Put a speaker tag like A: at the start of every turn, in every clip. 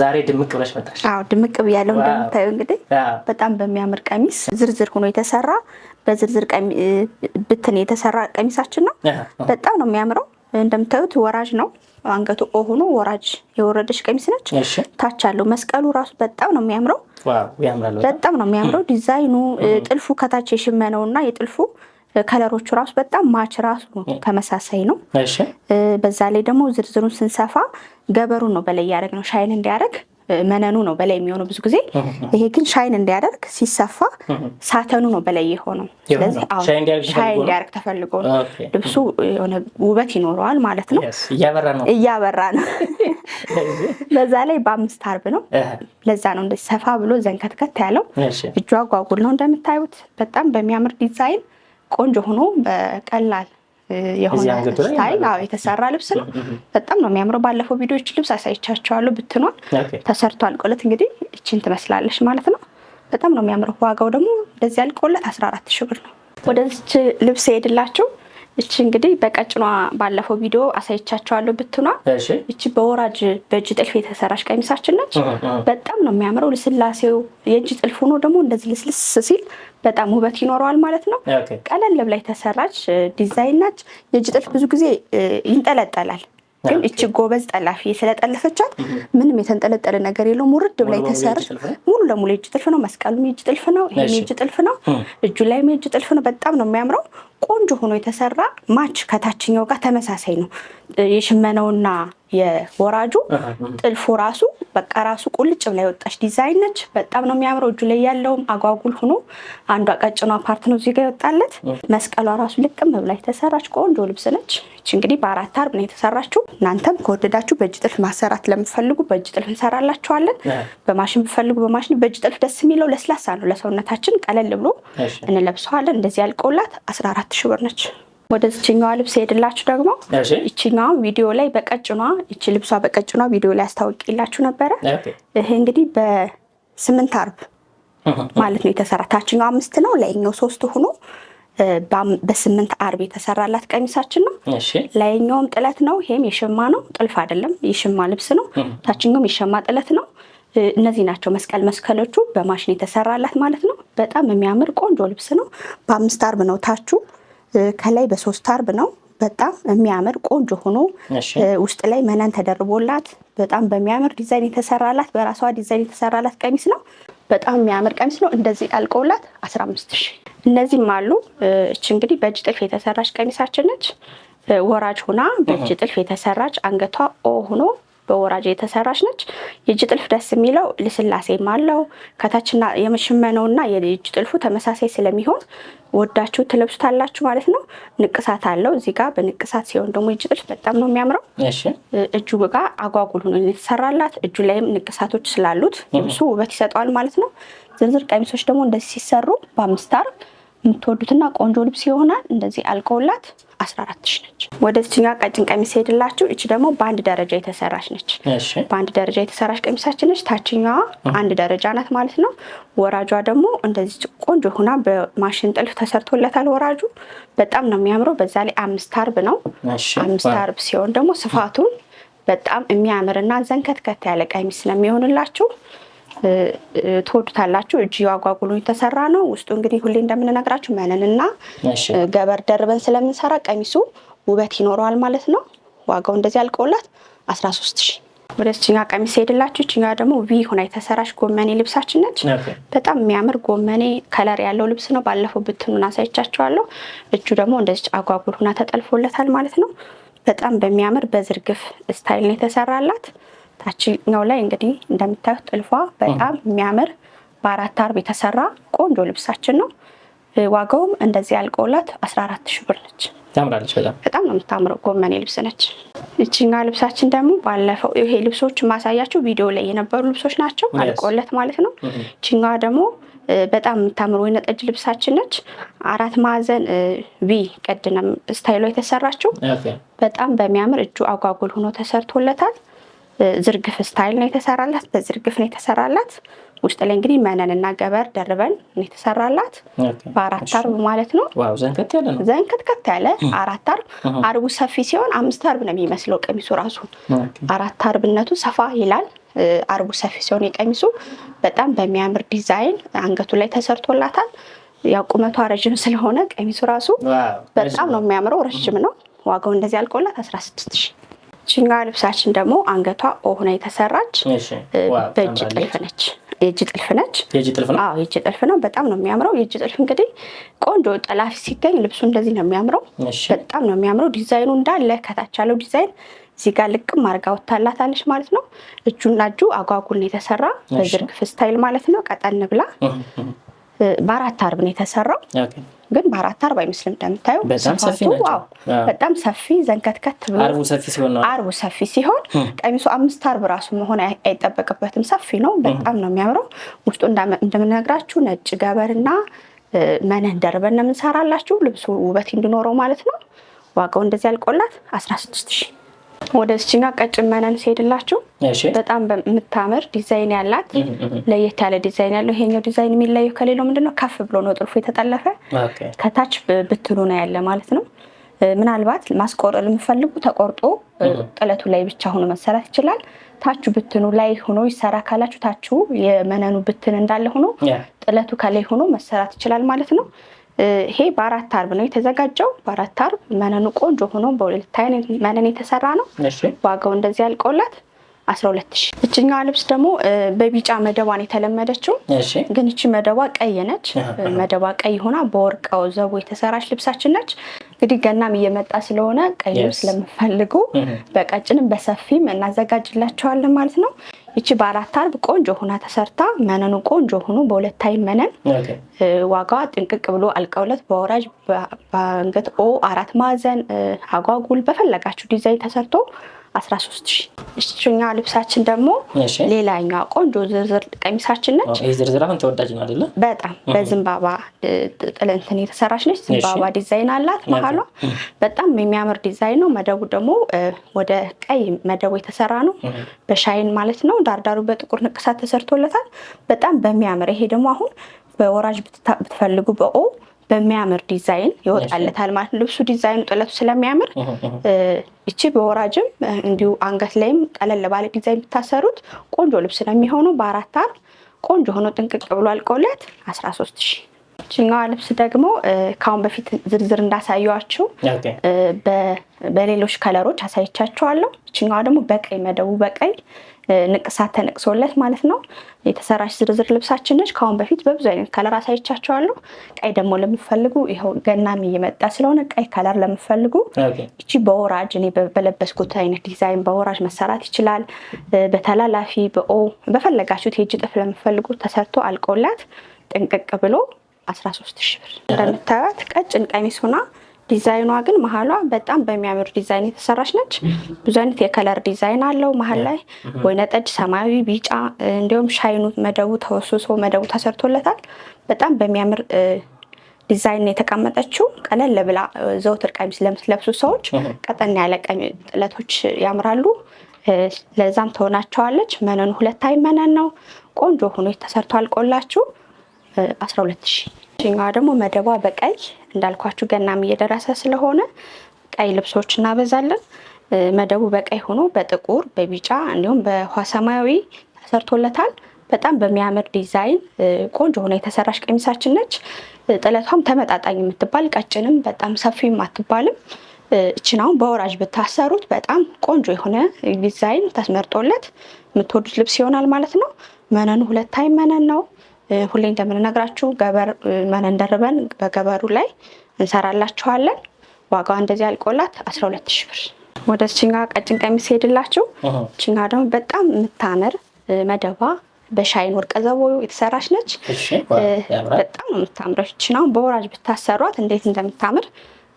A: ዛሬ ድምቅ ብለሽ መጣሽ።
B: አዎ ድምቅ ብያለሁ። እንደምታየው እንግዲህ በጣም በሚያምር ቀሚስ ዝርዝር ሆኖ የተሰራ በዝርዝር ብትን የተሰራ ቀሚሳችን ነው። በጣም ነው የሚያምረው። እንደምታዩት ወራጅ ነው። አንገቱ ኦ ሆኖ ወራጅ የወረደች ቀሚስ ነች። ታች አለው መስቀሉ ራሱ በጣም ነው የሚያምረው። በጣም ነው የሚያምረው ዲዛይኑ፣ ጥልፉ ከታች የሽመነው እና የጥልፉ ከለሮቹ ራሱ በጣም ማች ራሱ ተመሳሳይ ነው። በዛ ላይ ደግሞ ዝርዝሩን ስንሰፋ ገበሩን ነው በላይ ያደረግ ነው ሻይን እንዲያደረግ መነኑ ነው በላይ የሚሆነው ብዙ ጊዜ። ይሄ ግን ሻይን እንዲያደርግ ሲሰፋ ሳተኑ ነው በላይ የሆነው።
A: ስለዚህ ሻይን እንዲያደርግ ተፈልጎ ነው።
B: ልብሱ የሆነ ውበት ይኖረዋል ማለት ነው። እያበራ ነው። በዛ ላይ በአምስት አርብ ነው። ለዛ ነው እንደዚህ ሰፋ ብሎ ዘንከትከት ያለው። እጇ ጓጉል ነው እንደምታዩት፣ በጣም በሚያምር ዲዛይን ቆንጆ ሆኖ በቀላል የሆነ ስታይል የተሰራ ልብስ ነው። በጣም ነው የሚያምረው። ባለፈው ቪዲዮች ልብስ አሳይቻቸዋለሁ። ብትኗል ተሰርቶ አልቆለት እንግዲህ እችን ትመስላለች ማለት ነው። በጣም ነው የሚያምረው። ዋጋው ደግሞ እንደዚህ አልቆለት አስራ አራት ሺህ ብር ነው። ወደዚች ልብስ ሄድላችሁ እቺ እንግዲህ በቀጭኗ ባለፈው ቪዲዮ አሳይቻቸዋለሁ ብትኗ። እቺ በወራጅ በእጅ ጥልፍ የተሰራች ቀሚሳችን ነች። በጣም ነው የሚያምረው ልስላሴው። የእጅ ጥልፍ ሆኖ ደግሞ እንደዚህ ልስልስ ሲል በጣም ውበት ይኖረዋል ማለት ነው። ቀለል ብላ የተሰራች ዲዛይን ናች። የእጅ ጥልፍ ብዙ ጊዜ ይንጠለጠላል ግን እች ጎበዝ ጠላፊ ስለጠለፈቻት ምንም የተንጠለጠለ ነገር የለውም። ውርድ ላይ ተሰር ሙሉ ለሙሉ የእጅ ጥልፍ ነው። መስቀሉም የእጅ ጥልፍ ነው። ይሄም የእጅ ጥልፍ ነው። እጁ ላይም የእጅ ጥልፍ ነው። በጣም ነው የሚያምረው። ቆንጆ ሆኖ የተሰራ ማች ከታችኛው ጋር ተመሳሳይ ነው። የሽመናውና የወራጁ ጥልፉ ራሱ በቃ ራሱ ቁልጭ ብላ የወጣች ዲዛይን ነች። በጣም ነው የሚያምረው። እጁ ላይ ያለውም አጓጉል ሆኖ አንዷ ቀጭኗ ፓርት ነው እዚጋ የወጣለት። መስቀሏ ራሱ ልቅም ብላ የተሰራች ቆንጆ ልብስ ነች። ይች እንግዲህ በአራት አርብ ነው የተሰራችው። እናንተም ከወደዳችሁ በእጅ ጥልፍ ማሰራት ለምትፈልጉ በእጅ ጥልፍ እንሰራላችኋለን። በማሽን ብፈልጉ በማሽን በእጅ ጥልፍ ደስ የሚለው ለስላሳ ነው፣ ለሰውነታችን ቀለል ብሎ እንለብሰዋለን። እንደዚህ ያልቀውላት 14 ሺ ብር ነች። ወደ ልብስ ሄድላችሁ ደግሞ ይችኛዋ ቪዲዮ ላይ በቀጭኗ ይቺ ልብሷ በቀጭኗ ቪዲዮ ላይ አስታወቂላችሁ ነበረ። ይሄ እንግዲህ በስምንት አርብ ማለት ነው የተሰራ ታችኛው አምስት ነው ላይኛው ሶስት ሆኖ በስምንት አርብ የተሰራላት ቀሚሳችን ነው። ላይኛውም ጥለት ነው። ይሄም የሸማ ነው፣ ጥልፍ አይደለም፣ የሸማ ልብስ ነው። ታችኛውም የሸማ ጥለት ነው። እነዚህ ናቸው መስቀል መስቀሎቹ በማሽን የተሰራላት ማለት ነው። በጣም የሚያምር ቆንጆ ልብስ ነው። በአምስት አርብ ነው ታችሁ ከላይ በሶስት አርብ ነው። በጣም የሚያምር ቆንጆ ሆኖ ውስጥ ላይ መነን ተደርቦላት በጣም በሚያምር ዲዛይን የተሰራላት በራሷ ዲዛይን የተሰራላት ቀሚስ ነው። በጣም የሚያምር ቀሚስ ነው። እንደዚህ አልቀውላት አስራ አምስት ሺ እነዚህም አሉ። እች እንግዲህ በእጅ ጥልፍ የተሰራች ቀሚሳችን ነች። ወራጅ ሆና በእጅ ጥልፍ የተሰራች አንገቷ ኦ ሆኖ በወራጅ የተሰራች ነች። የእጅ ጥልፍ ደስ የሚለው ልስላሴም አለው። ከታችና እና የእጅ ጥልፉ ተመሳሳይ ስለሚሆን ወዳችሁ ትለብሱታላችሁ ማለት ነው። ንቅሳት አለው እዚህ ጋር በንቅሳት ሲሆን ደግሞ የእጅ ጥልፍ በጣም ነው የሚያምረው። እጁ ጋር አጓጉል ሆኖ የተሰራላት እጁ ላይም ንቅሳቶች ስላሉት ልብሱ ውበት ይሰጠዋል ማለት ነው። ዝርዝር ቀሚሶች ደግሞ እንደዚህ ሲሰሩ በአምስት የምትወዱትና ቆንጆ ልብስ ይሆናል። እንደዚህ አልቆላት 14 ሺ ነች። ወደዚችኛ ቀጭን ቀሚስ ሄድላችሁ። እች ደግሞ በአንድ ደረጃ የተሰራች ነች። በአንድ ደረጃ የተሰራች ቀሚሳችን ነች። ታችኛዋ አንድ ደረጃ ናት ማለት ነው። ወራጇ ደግሞ እንደዚህ ቆንጆ ሆና በማሽን ጥልፍ ተሰርቶለታል። ወራጁ በጣም ነው የሚያምረው። በዛ ላይ አምስት አርብ ነው። አምስት አርብ ሲሆን ደግሞ ስፋቱን በጣም የሚያምርና ዘንከትከት ያለ ቀሚስ ነው የሚሆንላችሁ። ትወዱታላችሁ። እጅ አጓጉሎ የተሰራ ነው። ውስጡ እንግዲህ ሁሌ እንደምንነግራችሁ መነንና ገበር ደርበን ስለምንሰራ ቀሚሱ ውበት ይኖረዋል ማለት ነው። ዋጋው እንደዚህ አልቆላት 13 ሺህ ወደ ችኛ ቀሚስ ሄድላችሁ። ችኛ ደግሞ ቪ ሆና የተሰራች ጎመኔ ልብሳችን ነች። በጣም የሚያምር ጎመኔ ከለር ያለው ልብስ ነው። ባለፈው ብትኑን አሳይቻችኋለሁ። እጁ ደግሞ እንደዚች አጓጉል ሁና ተጠልፎለታል ማለት ነው። በጣም በሚያምር በዝርግፍ ስታይል ነው የተሰራላት። አችኛው ላይ እንግዲህ እንደምታዩት ጥልፏ በጣም የሚያምር በአራት አርብ የተሰራ ቆንጆ ልብሳችን ነው። ዋጋውም እንደዚህ ያልቀውላት አስራ አራት ሺ ብር ነች። ታምራለች። በጣም በጣም ነው የምታምረው። ጎመኔ ልብስ ነች። ይችኛ ልብሳችን ደግሞ ባለፈው ይሄ ልብሶች ማሳያቸው ቪዲዮ ላይ የነበሩ ልብሶች ናቸው፣ አልቆለት ማለት ነው። ይችኛዋ ደግሞ በጣም የምታምር ወይነ ጠጅ ልብሳችን ነች። አራት ማዕዘን ቪ ቀድነም ስታይሏ የተሰራችው በጣም በሚያምር እጁ አጓጉል ሆኖ ተሰርቶለታል። ዝርግፍ ስታይል ነው የተሰራላት። በዝርግፍ ነው የተሰራላት። ውስጥ ላይ እንግዲህ መነን እና ገበር ደርበን ነው የተሰራላት። በአራት አርብ ማለት ነው። ዘንከትከት ያለ አራት አርብ። አርቡ ሰፊ ሲሆን አምስት አርብ ነው የሚመስለው ቀሚሱ ራሱ። አራት አርብነቱ ሰፋ ይላል። አርቡ ሰፊ ሲሆን የቀሚሱ በጣም በሚያምር ዲዛይን አንገቱ ላይ ተሰርቶላታል። ያው ቁመቷ ረዥም ስለሆነ ቀሚሱ ራሱ በጣም ነው የሚያምረው። ረዥም ነው። ዋጋው እንደዚህ አልቆላት 16 ሺህ እችኛ ልብሳችን ደግሞ አንገቷ ሆና የተሰራች በእጅ ጥልፍ ነች። የእጅ ጥልፍ ነች። የእጅ ጥልፍ ነው። በጣም ነው የሚያምረው። የእጅ ጥልፍ እንግዲህ ቆንጆ ጠላፊ ሲገኝ ልብሱ እንደዚህ ነው የሚያምረው። በጣም ነው የሚያምረው። ዲዛይኑ እንዳለ ከታች ያለው ዲዛይን እዚህ ጋር ልቅም አርጋ ወታላታለች ማለት ነው። እጁና እጁ አጓጉል የተሰራ በዝርግፍ ስታይል ማለት ነው። ቀጠን ብላ በአራት አርብ ነው የተሰራው። ግን በአራት አርብ አይመስልም እንደምታዩ በጣም ሰፊ ዘንከትከት
A: ብሎ
B: አርቡ ሰፊ ሲሆን ቀሚሱ አምስት አርብ ራሱ መሆን አይጠበቅበትም። ሰፊ ነው፣ በጣም ነው የሚያምረው። ውስጡ እንደምነግራችሁ ነጭ ገበርና መነን ደርበን ነው የምንሰራላችሁ ልብሱ ውበት እንዲኖረው ማለት ነው። ዋጋው እንደዚህ ያልቆላት 16 ሺህ ወደ ዚችኛ ቀጭን መነን ሲሄድላችሁ በጣም የምታምር ዲዛይን ያላት ለየት ያለ ዲዛይን ያለው ይሄኛው ዲዛይን የሚለየው ከሌላው ምንድነው? ከፍ ብሎ ነው ጥልፉ የተጠለፈ ከታች ብትሉ ነው ያለ ማለት ነው። ምናልባት ማስቆረጥ የምፈልጉ ተቆርጦ ጥለቱ ላይ ብቻ ሆኖ መሰራት ይችላል። ታቹ ብትኑ ላይ ሆኖ ይሰራ ካላችሁ ታቹ የመነኑ ብትን እንዳለ ሆኖ ጥለቱ ከላይ ሆኖ መሰራት ይችላል ማለት ነው። ይሄ በአራት አርብ ነው የተዘጋጀው። በአራት አርብ መነኑ ቆንጆ ሆኖ በሁለት አይነት መነን የተሰራ ነው። ዋጋው እንደዚህ ያልቀውላት 12 ሺህ። እችኛዋ ልብስ ደግሞ በቢጫ መደቧን የተለመደችው ግን እቺ መደቧ ቀይ ነች። መደቧ ቀይ ሆና በወርቀው ዘቦ የተሰራች ልብሳችን ነች። እንግዲህ ገናም እየመጣ ስለሆነ ቀይ ልብስ ለምፈልጉ በቀጭንም በሰፊም እናዘጋጅላቸዋለን ማለት ነው። ይቺ በአራት አርብ ቆንጆ ሆና ተሰርታ መነኑ ቆንጆ ሆኖ በሁለታይ መነን ዋጋዋ ጥንቅቅ ብሎ አልቀውለት በወራጅ በአንገት ኦ አራት ማዕዘን አጓጉል በፈለጋችሁ ዲዛይን ተሰርቶ 13 ልብሳችን ደግሞ ሌላኛዋ ቆንጆ ዝርዝር ቀሚሳችን ነች።
A: ይህ ዝርዝር አሁን ተወዳጅ ነው አይደለ?
B: በጣም በዘንባባ ጥልንትን የተሰራች ነች። ዝንባባ ዲዛይን አላት መሀሏ። በጣም የሚያምር ዲዛይን ነው። መደቡ ደግሞ ወደ ቀይ መደቡ የተሰራ ነው። በሻይን ማለት ነው። ዳርዳሩ በጥቁር ንቅሳት ተሰርቶለታል። በጣም በሚያምር ይሄ ደግሞ አሁን በወራጅ ብትፈልጉ በኦ በሚያምር ዲዛይን ይወጣለታል ማለት ልብሱ ዲዛይኑ ጥለቱ ስለሚያምር እቺ በወራጅም እንዲሁ አንገት ላይም ቀለል ባለ ዲዛይን ብታሰሩት ቆንጆ ልብስ ነው በአራት አር ቆንጆ ሆኖ ጥንቅቅ ብሎ አልቆለት ሶስት ሺ ችኛዋ ልብስ ደግሞ ከአሁን በፊት ዝርዝር እንዳሳየዋችሁ በሌሎች ከለሮች አሳይቻችኋለሁ። ችኛዋ ደግሞ በቀይ መደቡ በቀይ ንቅሳት ተነቅሶለት ማለት ነው የተሰራች ዝርዝር ልብሳችን ነች። ከአሁን በፊት በብዙ አይነት ከለር አሳይቻቸዋለሁ። ቀይ ደግሞ ለምፈልጉ ይኸው ገናም እየመጣ ስለሆነ ቀይ ከለር ለምፈልጉ እቺ በወራጅ እኔ በለበስኩት አይነት ዲዛይን በወራጅ መሰራት ይችላል። በተላላፊ በኦ በፈለጋችሁት የእጅ ጥፍ ለምፈልጉ ተሰርቶ አልቆላት ጥንቅቅ ብሎ 13 ሺ ብር እንደምታዩት ቀጭን ቀሚስ ሆና ዲዛይኗ ግን መሀሏ በጣም በሚያምር ዲዛይን የተሰራች ነች። ብዙ አይነት የከለር ዲዛይን አለው። መሀል ላይ ወይነጠጅ፣ ሰማያዊ፣ ቢጫ እንዲሁም ሻይኑ መደቡ ተወሶሶ መደቡ ተሰርቶለታል። በጣም በሚያምር ዲዛይን የተቀመጠችው ቀለል ብላ ዘውትር ቀሚስ ለምትለብሱ ሰዎች ቀጠን ያለ ጥለቶች ያምራሉ። ለዛም ትሆናቸዋለች። መነኑ ሁለት አይ መነን ነው። ቆንጆ ሆኖ ተሰርቶ ቆላችሁ አስራ ሁለት ሺህ ሽኛ ደግሞ መደቧ በቀይ እንዳልኳችሁ ገናም እየደረሰ ስለሆነ ቀይ ልብሶች እናበዛለን። መደቡ በቀይ ሆኖ በጥቁር በቢጫ እንዲሁም በውሃ ሰማያዊ ተሰርቶለታል። በጣም በሚያምር ዲዛይን ቆንጆ ሆነ የተሰራች ቀሚሳችን ነች። ጥለቷም ተመጣጣኝ የምትባል ቀጭንም በጣም ሰፊም አትባልም። እችናውን በወራጅ ብታሰሩት በጣም ቆንጆ የሆነ ዲዛይን ተስመርጦለት የምትወዱት ልብስ ይሆናል ማለት ነው። መነኑ ሁለት ታይም መነን ነው። ሁሌ እንደምንነግራችሁ ገበር መነን ደርበን በገበሩ ላይ እንሰራላችኋለን። ዋጋዋ እንደዚህ አልቆላት 12 ብር። ወደ ችኛ ቀጭን ቀሚስ ሄድላችሁ። ችኛ ደግሞ በጣም የምታምር መደባ በሻይን ወርቀ ዘቦ የተሰራች ነች። በጣም ነው የምታምረው። በወራጅ ብታሰሯት እንዴት እንደምታምር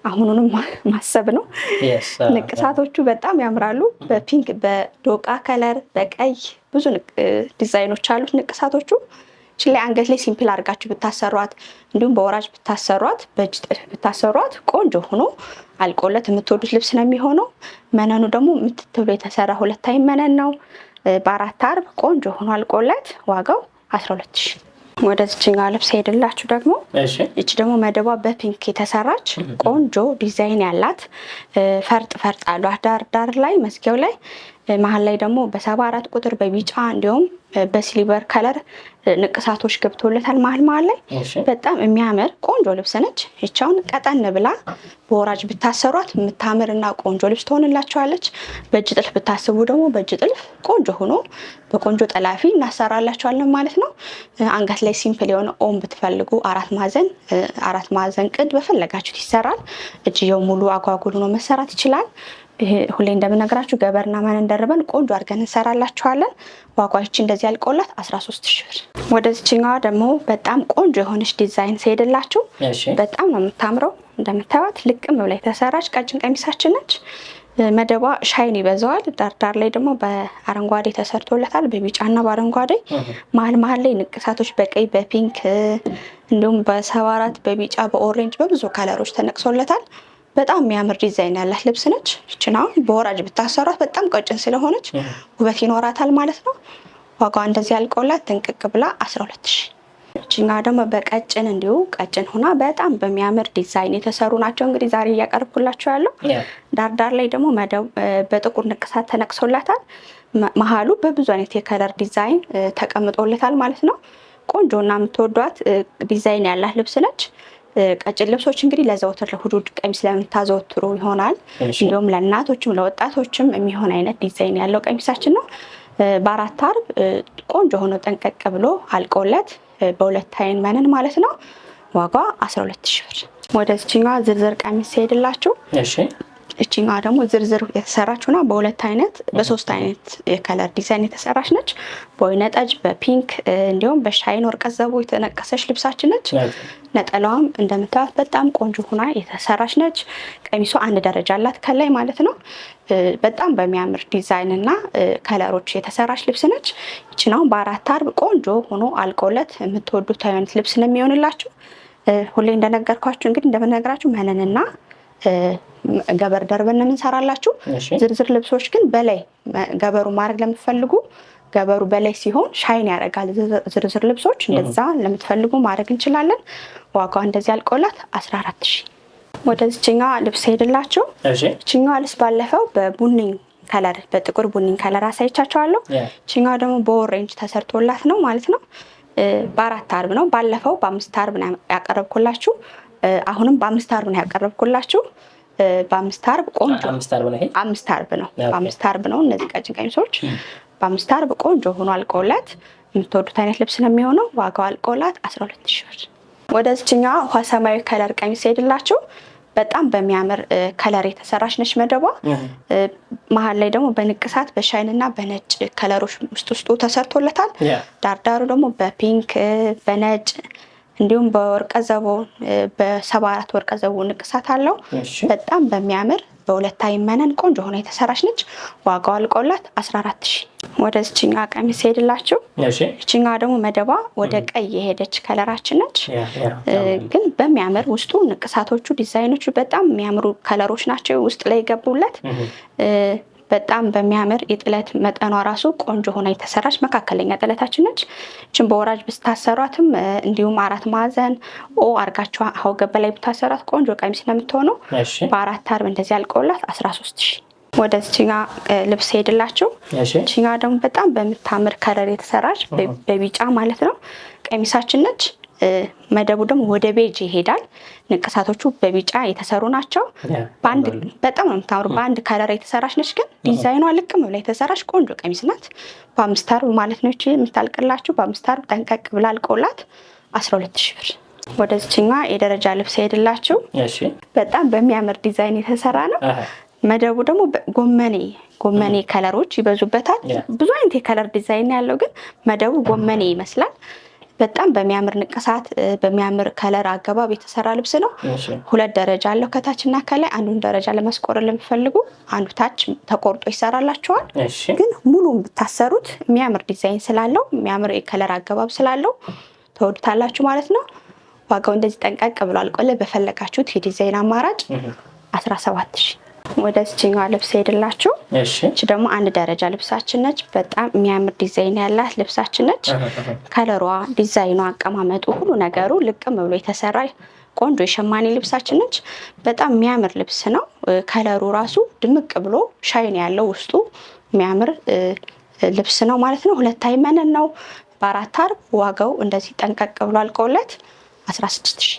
B: አሁኑንም ማሰብ ነው። ንቅሳቶቹ በጣም ያምራሉ። በፒንክ በዶቃ ከለር፣ በቀይ ብዙ ዲዛይኖች አሉት ንቅሳቶቹ እችን ላይ አንገት ላይ ሲምፕል አድርጋችሁ ብታሰሯት፣ እንዲሁም በወራጅ ብታሰሯት፣ በእጅ ብታሰሯት ቆንጆ ሆኖ አልቆለት የምትወዱት ልብስ ነው የሚሆነው። መነኑ ደግሞ የምትትብሎ የተሰራ ሁለታይ መነን ነው። በአራት አርብ ቆንጆ ሆኖ አልቆለት ዋጋው ሁለት ሺ። ወደ ዝችኛው ልብስ ሄድላችሁ ደግሞ እች ደግሞ መደቧ በፒንክ የተሰራች ቆንጆ ዲዛይን ያላት ፈርጥ ፈርጥ አሏት ዳር ዳር ላይ መዝጊያው ላይ መሀል ላይ ደግሞ በሰባ አራት ቁጥር በቢጫ እንዲሁም በሲሊቨር ከለር ንቅሳቶች ገብቶለታል። መሀል መሀል ላይ በጣም የሚያምር ቆንጆ ልብስ ነች። ይቻውን ቀጠን ብላ በወራጅ ብታሰሯት የምታምር እና ቆንጆ ልብስ ትሆንላቸዋለች። በእጅ ጥልፍ ብታስቡ ደግሞ በእጅ ጥልፍ ቆንጆ ሆኖ በቆንጆ ጠላፊ እናሰራላቸዋለን ማለት ነው። አንገት ላይ ሲምፕል የሆነ ኦም ብትፈልጉ አራት ማዕዘን አራት ማዕዘን ቅድ በፈለጋችሁት ይሰራል። እጅየው ሙሉ አጓጉል ሆኖ መሰራት ይችላል። ሁሌ እንደምነግራችሁ ገበርና ማንን ደርበን ቆንጆ አድርገን እንሰራላችኋለን። ዋጋዎች እንደዚህ ያልቆላት 13 ሺ ብር። ወደዚችኛዋ ደግሞ በጣም ቆንጆ የሆነች ዲዛይን ሲሄድላችሁ በጣም ነው የምታምረው። እንደምታዩት ልቅም ብላ የተሰራች ቀጭን ቀሚሳችን ነች። መደቧ ሻይን ይበዛዋል። ዳርዳር ላይ ደግሞ በአረንጓዴ ተሰርቶለታል፣ በቢጫና በአረንጓዴ መሀል መሀል ላይ ንቅሳቶች በቀይ በፒንክ እንዲሁም በሰባ አራት በቢጫ በኦሬንጅ በብዙ ከለሮች ተነቅሶለታል። በጣም የሚያምር ዲዛይን ያላት ልብስ ነች። ይችን አሁን በወራጅ ብታሰሯት በጣም ቀጭን ስለሆነች ውበት ይኖራታል ማለት ነው። ዋጋዋ እንደዚህ ያልቀውላት ጥንቅቅ ብላ 12 ሺ እችኛ ደግሞ በቀጭን እንዲሁ ቀጭን ሆና በጣም በሚያምር ዲዛይን የተሰሩ ናቸው። እንግዲህ ዛሬ እያቀርብኩላቸው ያለው ዳርዳር ላይ ደግሞ በጥቁር ንቅሳት ተነቅሶላታል። መሀሉ በብዙ አይነት የከለር ዲዛይን ተቀምጦለታል ማለት ነው። ቆንጆ እና የምትወዷት ዲዛይን ያላት ልብስ ነች። ቀጭን ልብሶች እንግዲህ ለዘወትር ለሁዱድ ቀሚስ ለምታዘወትሩ ይሆናል። እንዲሁም ለእናቶችም ለወጣቶችም የሚሆን አይነት ዲዛይን ያለው ቀሚሳችን ነው። በአራት አርብ ቆንጆ ሆኖ ጠንቀቅ ብሎ አልቆለት በሁለት አይን መነን ማለት ነው። ዋጋ 12 ሺ ብር። ወደ ዝርዝር ቀሚስ ሲሄድላችሁ እችኛዋ ደግሞ ዝርዝር የተሰራች ሆና በሁለት አይነት በሶስት አይነት የከለር ዲዛይን የተሰራች ነች። በወይነ ጠጅ፣ በፒንክ እንዲሁም በሻይን ወርቀት ዘቦ የተነቀሰች ልብሳችን ነች። ነጠላዋም እንደምታዩት በጣም ቆንጆ ሆና የተሰራች ነች። ቀሚሷ አንድ ደረጃ አላት ከላይ ማለት ነው። በጣም በሚያምር ዲዛይን እና ከለሮች የተሰራች ልብስ ነች። ይችናውን በአራት አርብ ቆንጆ ሆኖ አልቆለት የምትወዱት አይነት ልብስ ነው የሚሆንላችሁ። ሁሌ እንደነገርኳችሁ እንግዲህ እንደምነግራችሁ መነንና ገበር ደርበን ነው የምንሰራላችሁ። ዝርዝር ልብሶች ግን በላይ ገበሩ ማድረግ ለምትፈልጉ ገበሩ በላይ ሲሆን ሻይን ያደርጋል። ዝርዝር ልብሶች እንደዛ ለምትፈልጉ ማድረግ እንችላለን። ዋጋዋ እንደዚህ አልቆላት 14 ሺህ። ወደዚችኛዋ ልብስ ሄድላችሁ። ችኛዋ ልብስ ባለፈው በቡኒ ከለር በጥቁር ቡኒ ከለር አሳይቻቸዋለሁ። ችኛዋ ደግሞ በኦሬንጅ ተሰርቶላት ነው ማለት ነው። በአራት አርብ ነው ባለፈው በአምስት አርብ ነው ያቀረብኩላችሁ። አሁንም በአምስት አርብ ነው ያቀረብኩላችሁ። በአምስት አርብ ቆንጆ አምስት አርብ ነው። በአምስት አርብ ነው። እነዚህ ቀጭን ቀሚሶች በአምስት አርብ ቆንጆ ሆኖ አልቆለት የምትወዱት አይነት ልብስ ነው የሚሆነው። ዋጋው አልቆላት ሁለት ሺ ብር። ወደዚችኛዋ ውሃ ሰማያዊ ከለር ቀሚስ ሄድላችሁ። በጣም በሚያምር ከለር የተሰራች ነች። መደቧ መሀል ላይ ደግሞ በንቅሳት በሻይን እና በነጭ ከለሮች ውስጥ ውስጡ ተሰርቶለታል። ዳርዳሩ ደግሞ በፒንክ በነጭ እንዲሁም በወርቀ ዘቦ በሰባ አራት ወርቀ ዘቦ ንቅሳት አለው። በጣም በሚያምር በሁለት አይመነን ቆንጆ ሆና የተሰራች ነች። ዋጋው አልቆላት 14 ሺ። ወደ ዝችኛ ቀሚስ ሄድላችሁ። ይችኛ ደግሞ መደባ ወደ ቀይ የሄደች ከለራችን ነች፣ ግን በሚያምር ውስጡ ንቅሳቶቹ ዲዛይኖቹ በጣም የሚያምሩ ከለሮች ናቸው ውስጥ ላይ የገቡለት በጣም በሚያምር የጥለት መጠኗ ራሱ ቆንጆ ሆና የተሰራች መካከለኛ ጥለታችን ነች። እችን በወራጅ ብታሰሯትም እንዲሁም አራት ማዕዘን ኦ አርጋችሁ አሁ ገበ ላይ ብታሰሯት ቆንጆ ቀሚስ ነው የምትሆነው። በአራት አርብ እንደዚህ ያልቀውላት አስራ ሶስት ሺ ወደ ችኛ ልብስ ሄድላችሁ። ችኛ ደግሞ በጣም በምታምር ከለር የተሰራች በቢጫ ማለት ነው ቀሚሳችን ነች። መደቡ ደግሞ ወደ ቤጅ ይሄዳል። ንቅሳቶቹ በቢጫ የተሰሩ ናቸው። በጣም ነው የምታምሩ። በአንድ ከለር የተሰራች ነች፣ ግን ዲዛይኗ ልቅም ብላ የተሰራች ቆንጆ ቀሚስ ናት። በአምስት አርብ ማለት ነው የምታልቅላችሁ። በአምስት አርብ ጠንቀቅ ብላ አልቆላት ሁለት ሺ ብር። ወደዚችኛ የደረጃ ልብስ ሄድላችሁ። በጣም በሚያምር ዲዛይን የተሰራ ነው። መደቡ ደግሞ ጎመኔ ጎመኔ ከለሮች ይበዙበታል። ብዙ አይነት የከለር ዲዛይን ያለው ግን መደቡ ጎመኔ ይመስላል። በጣም በሚያምር ንቅሳት በሚያምር ከለር አገባብ የተሰራ ልብስ ነው። ሁለት ደረጃ አለው ከታች እና ከላይ። አንዱን ደረጃ ለመስቆር ለሚፈልጉ አንዱ ታች ተቆርጦ ይሰራላቸዋል። ግን ሙሉ ብታሰሩት የሚያምር ዲዛይን ስላለው የሚያምር የከለር አገባብ ስላለው ተወዱታላችሁ ማለት ነው። ዋጋው እንደዚህ ጠንቀቅ ብሎ አልቆለ በፈለጋችሁት የዲዛይን አማራጭ 17 ሺህ ወደ ልብስ ሄድላችሁ። እቺ ደግሞ አንድ ደረጃ ልብሳችን ነች። በጣም የሚያምር ዲዛይን ያላት ልብሳችን ነች። ከለሯ፣ ዲዛይኗ፣ አቀማመጡ ሁሉ ነገሩ ልቅም ብሎ የተሰራ ቆንጆ የሸማኔ ልብሳችን ነች። በጣም የሚያምር ልብስ ነው። ከለሩ ራሱ ድምቅ ብሎ ሻይን ያለው ውስጡ የሚያምር ልብስ ነው ማለት ነው። ሁለት አይመንን ነው በአራት አርብ ዋጋው እንደዚህ ጠንቀቅ ብሎ አልቀውለት 16 ሺህ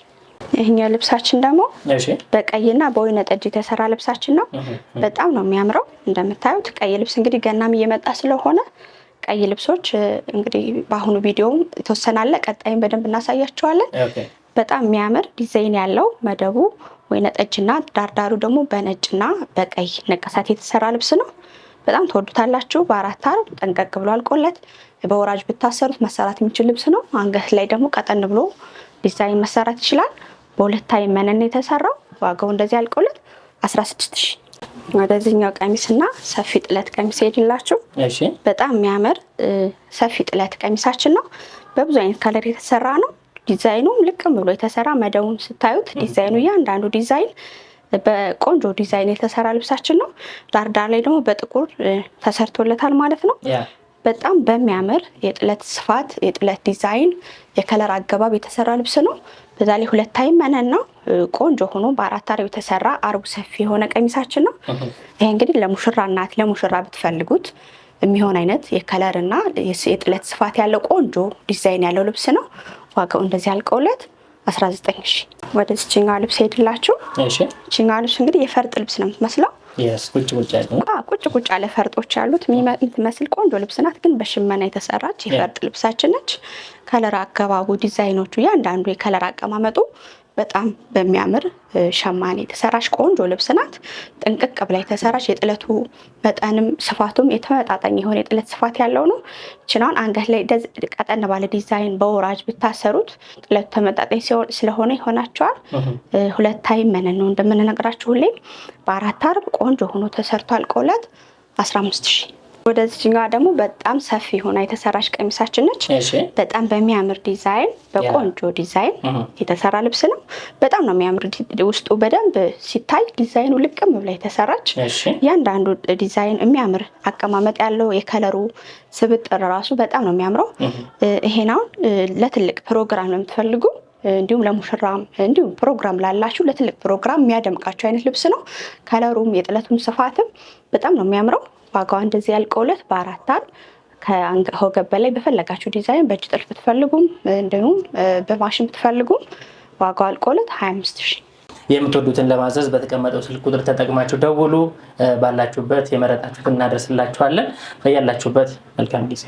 B: ይህኛው ልብሳችን ደግሞ በቀይና በወይነ ጠጅ የተሰራ ልብሳችን ነው። በጣም ነው የሚያምረው። እንደምታዩት ቀይ ልብስ እንግዲህ ገናም እየመጣ ስለሆነ ቀይ ልብሶች እንግዲህ በአሁኑ ቪዲዮም የተወሰናለ፣ ቀጣይም በደንብ እናሳያቸዋለን። በጣም የሚያምር ዲዛይን ያለው መደቡ ወይነ ጠጅና ዳርዳሩ ደግሞ በነጭና በቀይ ነቀሳት የተሰራ ልብስ ነው። በጣም ተወዱታላችሁ። በአራት አር ጠንቀቅ ብሎ አልቆለት በወራጅ ብታሰሩት መሰራት የሚችል ልብስ ነው። አንገት ላይ ደግሞ ቀጠን ብሎ ዲዛይን መሰራት ይችላል። በሁለት አይ መነን የተሰራው ዋጋው እንደዚህ ያልቀውለት 16 ሺ ወደዚህኛው ቀሚስ እና ሰፊ ጥለት ቀሚስ ሄድላችሁ። በጣም የሚያምር ሰፊ ጥለት ቀሚሳችን ነው። በብዙ አይነት ከለር የተሰራ ነው። ዲዛይኑም ልቅም ብሎ የተሰራ መደቡን ስታዩት ዲዛይኑ እያንዳንዱ ዲዛይን በቆንጆ ዲዛይን የተሰራ ልብሳችን ነው። ዳርዳር ላይ ደግሞ በጥቁር ተሰርቶለታል ማለት ነው። በጣም በሚያምር የጥለት ስፋት፣ የጥለት ዲዛይን፣ የከለር አገባብ የተሰራ ልብስ ነው። በዛ ላይ ሁለት አይ መነን ነው ቆንጆ ሆኖ በአራት አሪው የተሰራ አርቡ ሰፊ የሆነ ቀሚሳችን ነው። ይሄ እንግዲህ ለሙሽራ እናት ለሙሽራ ብትፈልጉት የሚሆን አይነት የከለር እና የጥለት ስፋት ያለው ቆንጆ ዲዛይን ያለው ልብስ ነው። ዋጋው እንደዚህ አልቀውለት 19 ሺ። ወደ ችኛዋ ልብስ ሄድላችሁ። ችኛዋ ልብስ እንግዲህ የፈርጥ ልብስ ነው የምትመስለው። ቁጭ ቁጭ ያለ ፈርጦች ያሉት የምትመስል ቆንጆ ልብስ ናት፣ ግን በሽመና የተሰራች የፈርጥ ልብሳችን ነች። ከለር አገባቡ፣ ዲዛይኖቹ፣ እያንዳንዱ የከለር አቀማመጡ በጣም በሚያምር ሸማኔ የተሰራች ቆንጆ ልብስ ናት። ጥንቅቅ ብላ የተሰራች የጥለቱ መጠንም ስፋቱም የተመጣጣኝ የሆነ የጥለት ስፋት ያለው ነው። ችናን አንገት ላይ ቀጠን ባለ ዲዛይን በወራጅ ብታሰሩት ጥለቱ ተመጣጣኝ ስለሆነ ይሆናቸዋል። ሁለት አይ መነን ነው እንደምንነግራችሁ ሁሌ በአራት አርብ ቆንጆ ሆኖ ተሰርቷል። ቆለት 15 ሺህ ወደዚህኛዋ ደግሞ በጣም ሰፊ ሆና የተሰራች ቀሚሳችን ነች። በጣም በሚያምር ዲዛይን፣ በቆንጆ ዲዛይን የተሰራ ልብስ ነው። በጣም ነው የሚያምር። ውስጡ በደንብ ሲታይ ዲዛይኑ ልቅም ብላ የተሰራች እያንዳንዱ ዲዛይን የሚያምር አቀማመጥ ያለው የከለሩ ስብጥር ራሱ በጣም ነው የሚያምረው። ይሄን አሁን ለትልቅ ፕሮግራም ነው የምትፈልጉ እንዲሁም ለሙሽራም እንዲሁም ፕሮግራም ላላችሁ ለትልቅ ፕሮግራም የሚያደምቃቸው አይነት ልብስ ነው። ከለሩም የጥለቱም ስፋትም በጣም ነው የሚያምረው። ዋጋዋ እንደዚህ ያልቀውለት በአራት አር ከወገብ በላይ በፈለጋችሁ ዲዛይን በእጅ ጥልፍ ብትፈልጉም እንዲሁም በማሽን ብትፈልጉም ዋጋው አልቆለት 25 ሺ።
A: የምትወዱትን ለማዘዝ በተቀመጠው ስልክ ቁጥር ተጠቅማችሁ ደውሉ። ባላችሁበት የመረጣችሁትን እናደርስላችኋለን። በያላችሁበት መልካም ጊዜ